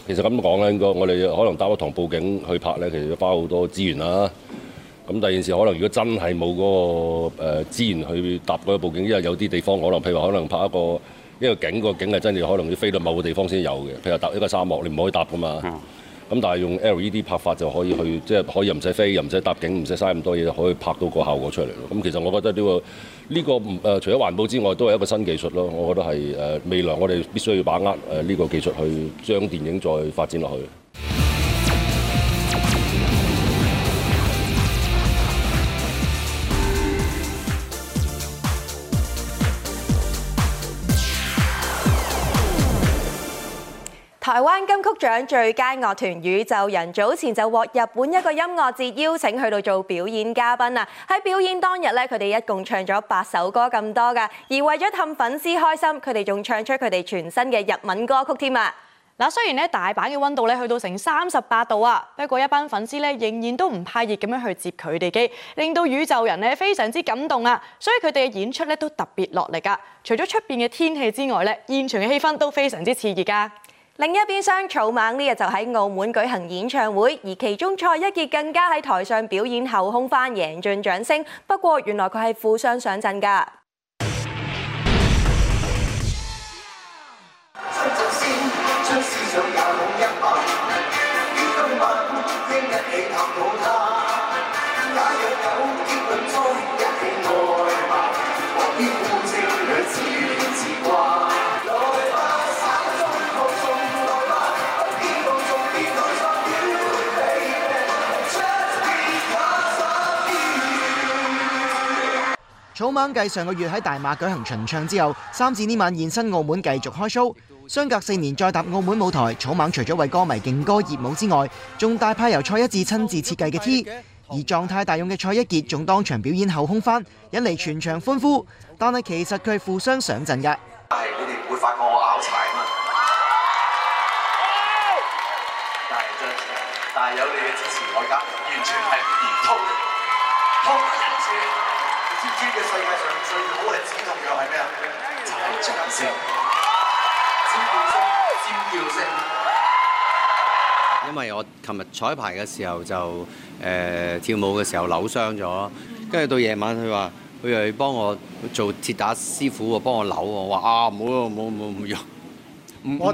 其實咁講咧，應該我哋可能搭一堂布景去拍咧，其實要花好多資源啦。咁、嗯、第二件事，可能如果真係冇嗰個誒資源去搭嗰個布景，因為有啲地方可能譬如話，可能拍一個。呢個景個景係真係可能要飛到某個地方先有嘅，譬如搭一個沙漠，你唔可以搭㗎嘛。咁、嗯嗯、但係用 LED 拍法就可以去，即、就、係、是、可以唔使飛，又唔使搭景，唔使嘥咁多嘢，就可以拍到個效果出嚟咯。咁、嗯、其實我覺得呢、這個呢、這個誒、呃、除咗環保之外，都係一個新技術咯。我覺得係誒、呃、未來我哋必須要把握誒呢個技術去將電影再發展落去。台灣金曲獎最佳樂團宇宙人早前就獲日本一個音樂節邀請去到做表演嘉賓啊！喺表演當日咧，佢哋一共唱咗八首歌咁多噶，而為咗氹粉絲開心，佢哋仲唱出佢哋全新嘅日文歌曲添啊！嗱，雖然咧大阪嘅溫度咧去到成三十八度啊，不過一班粉絲咧仍然都唔怕熱咁樣去接佢哋機，令到宇宙人咧非常之感動啊！所以佢哋嘅演出咧都特別落力噶。除咗出邊嘅天氣之外咧，現場嘅氣氛都非常之熾熱噶。另一邊廂，草蜢呢日就喺澳門舉行演唱會，而其中蔡一傑更加喺台上表演後空翻，贏盡掌聲。不過，原來佢係負傷上陣㗎。草蜢繼上個月喺大馬舉行巡唱之後，三子呢晚現身澳門繼續開 show，相隔四年再踏澳門舞台，草蜢除咗為歌迷勁歌熱舞之外，仲大派由蔡一智親自設計嘅 T，而狀態大勇嘅蔡一傑仲當場表演後空翻，引嚟全場歡呼，但係其實佢係負傷上陣嘅。世界上最好嘅止痛藥係咩啊？就係尖叫聲！尖叫聲！尖叫聲！因為我琴日彩排嘅時候就誒、呃、跳舞嘅時候扭傷咗，跟住到夜晚佢話佢又要幫我做跌打師傅喎，幫我扭喎，我話啊，唔好啦，唔好唔好唔用。唔怪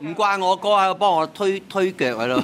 唔怪我哥喺度幫我推推腳嘅咯。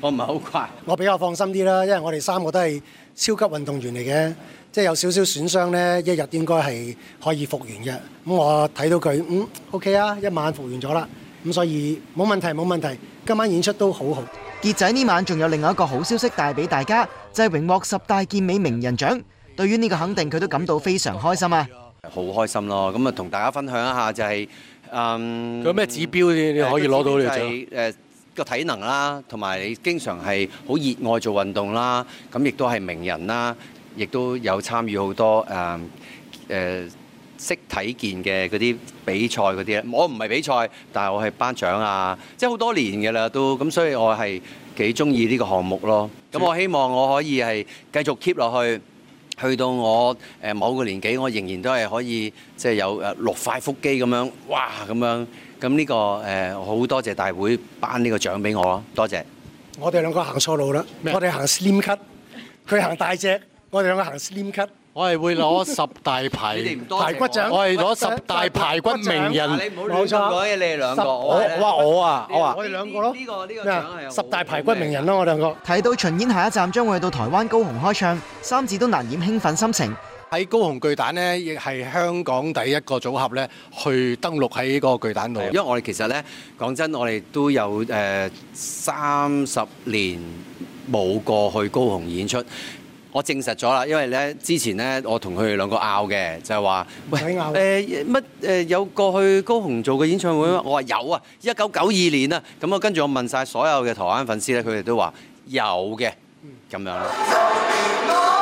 我唔係好怪，我比較放心啲啦，因為我哋三個都係超級運動員嚟嘅。即係有少少損傷呢，一日應該係可以復原嘅。咁我睇到佢，嗯，OK 啊，一晚復原咗啦。咁所以冇問題，冇問題。今晚演出都好好。傑仔呢晚仲有另一個好消息帶俾大家，就係、是、榮獲十大健美名人獎。對於呢個肯定，佢都感到非常開心啊！好開心咯！咁啊，同大家分享一下就係、是、嗯，有咩指標呢？你可以攞到你張？誒個、呃、體能啦，同埋你經常係好熱愛做運動啦。咁亦都係名人啦。亦都有參與好多誒誒識體健嘅嗰啲比賽嗰啲咧。我唔係比賽，但係我係頒獎啊，即係好多年嘅啦，都咁，所以我係幾中意呢個項目咯。咁我希望我可以係繼續 keep 落去，去到我誒某個年紀，我仍然都係可以即係有誒六塊腹肌咁樣，哇，咁樣咁，呢個誒好多謝大會頒呢個獎俾我咯，多謝我哋兩個行錯路啦，我哋行 Slim Cut，佢行大隻。我哋兩個行 Slim Cut，我係會攞十大排排骨獎，我係攞十大排骨名人，冇錯。我我話我啊，我話我哋兩個咯，咩啊？十大排骨名人咯，我哋兩個。提到巡演下一站將會去到台灣高雄開唱，三子都難掩興奮心情。喺高雄巨蛋咧，亦係香港第一個組合咧，去登陸喺呢個巨蛋度。因為我哋其實咧，講真，我哋都有誒三十年冇過去高雄演出。我證實咗啦，因為咧之前咧我同佢哋兩個拗嘅，就係、是、話，喂，誒乜誒有過去高雄做嘅演唱會咩？嗯、我話有啊，一九九二年啊，咁我跟住我問晒所有嘅台灣粉絲咧，佢哋都話有嘅，咁樣囉。嗯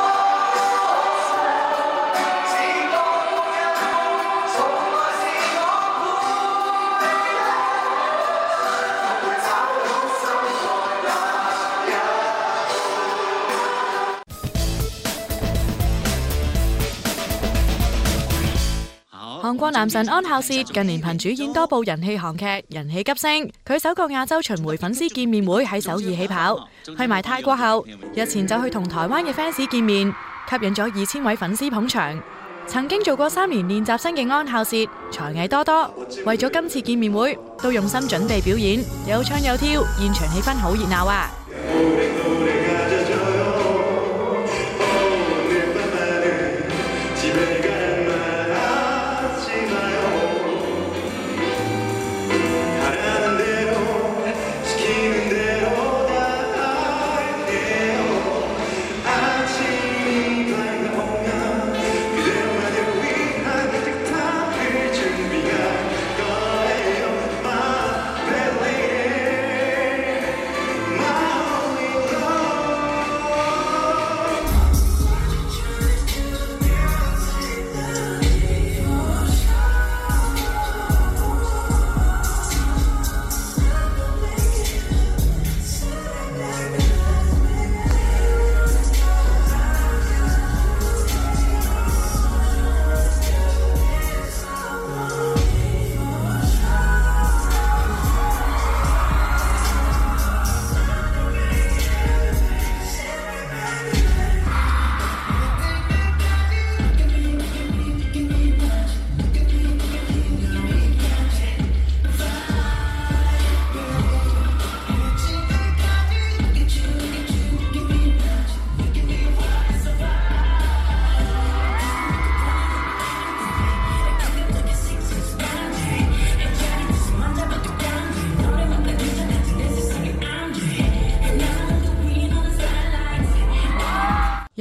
韓國男神安孝燮近年憑主演多部人氣韓劇人氣急升，佢首個亞洲巡回粉絲見面會喺首爾起跑，去埋泰國後，日前就去同台灣嘅 fans 見面，吸引咗二千位粉絲捧場。曾經做過三年練習生嘅安孝燮才藝多多，為咗今次見面會都用心準備表演，有唱有跳，現場氣氛好熱鬧啊！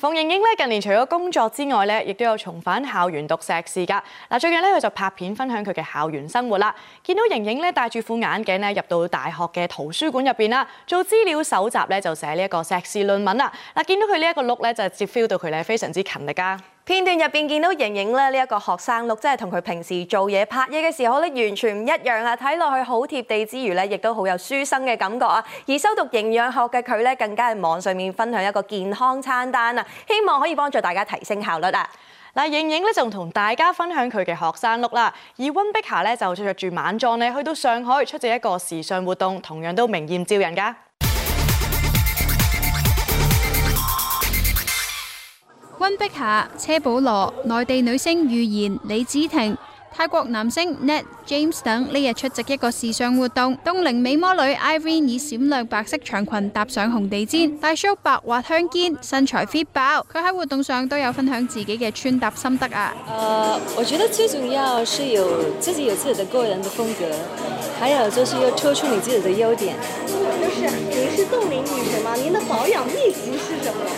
馮盈盈咧近年除咗工作之外咧，亦都有重返校園讀碩士噶。嗱，最近咧佢就拍片分享佢嘅校園生活啦。見到盈盈咧戴住副眼鏡咧入到大學嘅圖書館入邊啦，做資料搜集咧就寫呢一個碩士論文啦。嗱，見到佢呢一個碌咧就直接 feel 到佢咧非常之勤力噶。片段入邊見到盈盈咧，呢一個學生錄真係同佢平時做嘢拍嘢嘅時候咧完全唔一樣啊！睇落去好貼地之餘咧，亦都好有書生嘅感覺啊！而修讀營養學嘅佢咧，更加喺網上面分享一個健康餐單啊，希望可以幫助大家提升效率啊！嗱，盈盈咧仲同大家分享佢嘅學生錄啦，而温碧霞咧就着住晚裝咧去到上海出席一個時尚活動，同樣都明豔照人噶。溫碧霞、車保羅、內地女星玉言、李子婷、泰國男星 Nat James 等呢日出席一個時尚活動。凍齡美魔女 Irene 以閃亮白色長裙踏上紅地毯，大 show 白滑香肩，身材 fit 爆。佢喺活動上都有分享自己嘅穿搭心得啊、呃。我覺得最重要係有自己有自己的個人的風格，還有就是要突出你自己的優點。就是您是凍齡女神嗎？您的保養秘籍是什麼？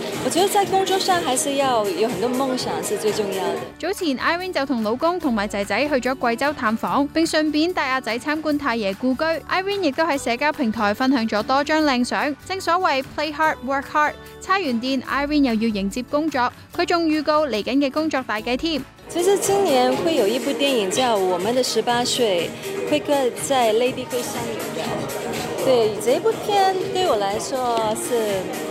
我覺得在工作上還是要有很多夢想是最重要的。早前 Irene 就同老公同埋仔仔去咗貴州探訪，並順便帶阿仔參觀太爺故居。Irene 亦都喺社交平台分享咗多張靚相。正所謂 play hard work hard，叉完電，Irene 又要迎接工作，佢仲預告嚟緊嘅工作大計添。其實今年會有一部電影叫《我們的十八歲》，會喺在 Lady 開山。對，這部片對我來說是。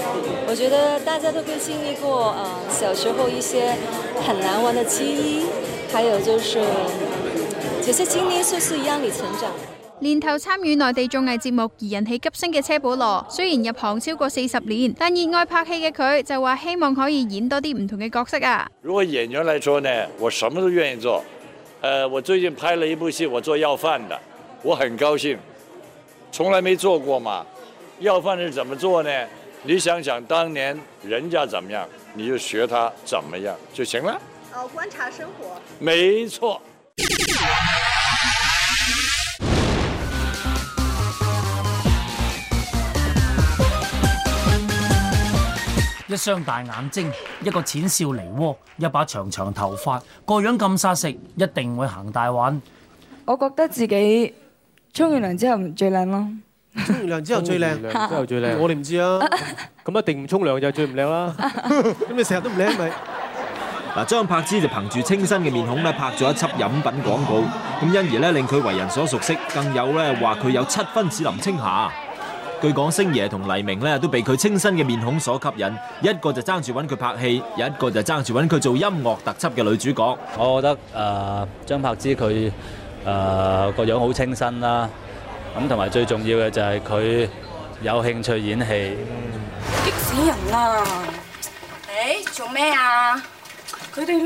我覺得大家都會經歷過，呃、啊，小時候一些很難忘的記憶，還有就是，這些經歷就是讓你成長。年頭參與內地綜藝節目而人氣急升嘅車保羅，雖然入行超過四十年，但熱愛拍戲嘅佢就話希望可以演多啲唔同嘅角色啊。如果演員來說呢，我什麼都願意做。呃，我最近拍了一部戲，我做要飯的，我很高興，從來沒做過嘛，要飯是怎麼做呢？你想想當年人家怎麼樣，你就學他怎麼樣就行了。哦，觀察生活。沒錯。 一雙大眼睛，一個淺笑梨渦，一把長長頭髮，個樣咁殺食，一定會行大運。我覺得自己沖完涼之後最靚咯。沖完涼之後最靚，之後最靚，我哋唔知啊。咁一定唔沖涼就最唔靚啦。咁你成日都唔靚咪。嗱，張柏芝就憑住清新嘅面孔咧拍咗一輯飲品廣告，咁因而咧令佢為人所熟悉，更有咧話佢有七分似林青霞。據講星爺同黎明咧都被佢清新嘅面孔所吸引，一個就爭住揾佢拍戲，有一個就爭住揾佢做音樂特輯嘅女主角。我覺得誒張柏芝佢誒個樣好清新啦。咁同埋最重要嘅就係佢有興趣演戲。激死人啦！誒，做咩啊？佢哋攞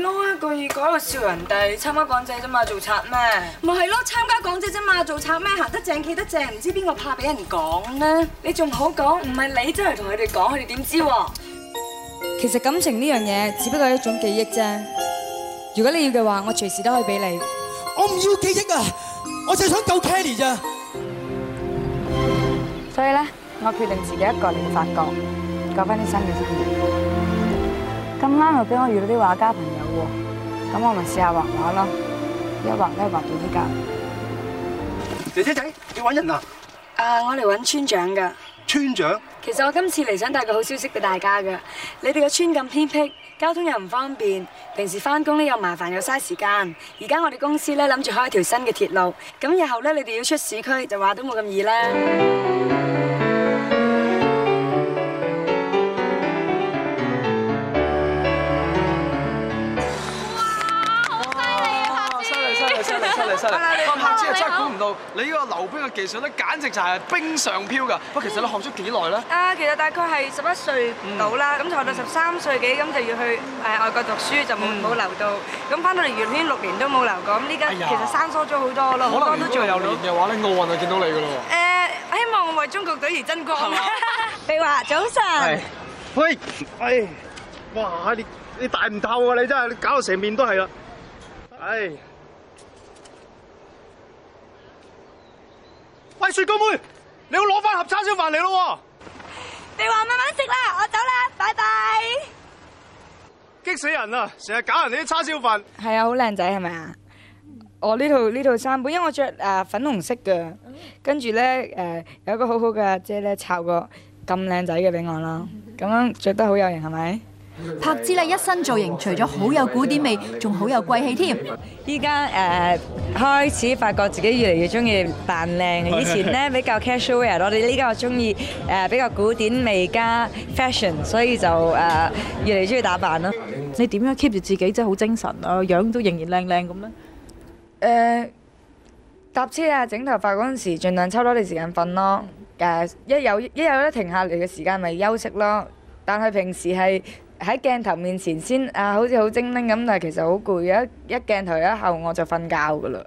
一句嚟笑人哋，參加港姐啫嘛，做賊咩？咪係咯，參加港姐啫嘛，做賊咩？行得正企得正，唔知邊個怕俾人講呢？你仲好講，唔係你真係同佢哋講，佢哋點知？其實感情呢樣嘢，只不過係一種記憶啫。如果你要嘅話，我隨時都可以俾你。我唔要記憶啊！我就想救 Kelly 咋。所以咧，我決定自己一個嚟法國，搞翻啲新嘅生意。咁啱又俾我遇到啲畫家朋友喎，咁我咪試下畫畫咯。一畫咧，畫到啲架。姐姐仔，你揾人啊？啊，uh, 我嚟揾村長噶。村長？其實我今次嚟想帶個好消息俾大家噶，你哋個村咁偏僻。交通又唔方便，平時返工又麻煩又嘥時間。而家我哋公司咧諗住開條新嘅鐵路，咁以後你哋要出市區就話都冇咁易啦。阿客姐真係估唔到，你依個溜冰嘅技術咧，簡直就係冰上飄㗎！不過其實你學咗幾耐咧？啊，其實大概係十一歲到啦，咁學到十三歲幾，咁就要去誒外國讀書，就冇冇留到。咁翻到嚟娛樂圈六年都冇留過，咁呢家其實生疏咗好多咯。可能再有年嘅話咧，奧運就見到你㗎咯。誒，希望我為中國隊而爭光。碧華，早晨。係。喂喂，哇！你你大唔透㗎，你真係你搞到成面都係啦。係。喂，雪糕妹，你要攞翻盒叉燒飯嚟咯？你話慢慢食啦，我走啦，拜拜！激死人，人啊！成日搞人哋啲叉燒飯。係啊，好靚仔係咪啊？我呢套呢套衫，本因為我着誒粉紅色嘅，跟住咧誒有一個好好嘅阿姐咧，抄個咁靚仔嘅俾我咯，咁樣着得好有型係咪？是柏芝咧，一身造型，除咗好有古典味，仲好有貴氣添。依家，誒開始發覺自己越嚟越中意扮靚。以前咧比較 casual，我哋呢家我中意誒比較古典味加 fashion，所以就誒越嚟越中意打扮咯。你點樣 keep 住自己真係好精神啊？樣都仍然靚靚咁樣？誒，搭車啊，整頭髮嗰陣時盡量抽多啲時間瞓咯。誒，一有一有咧停下嚟嘅時間咪休息咯。但係平時係。喺鏡頭面前先啊，好似好精靈咁，但係其實好攰，一一鏡頭一後我就瞓覺㗎啦。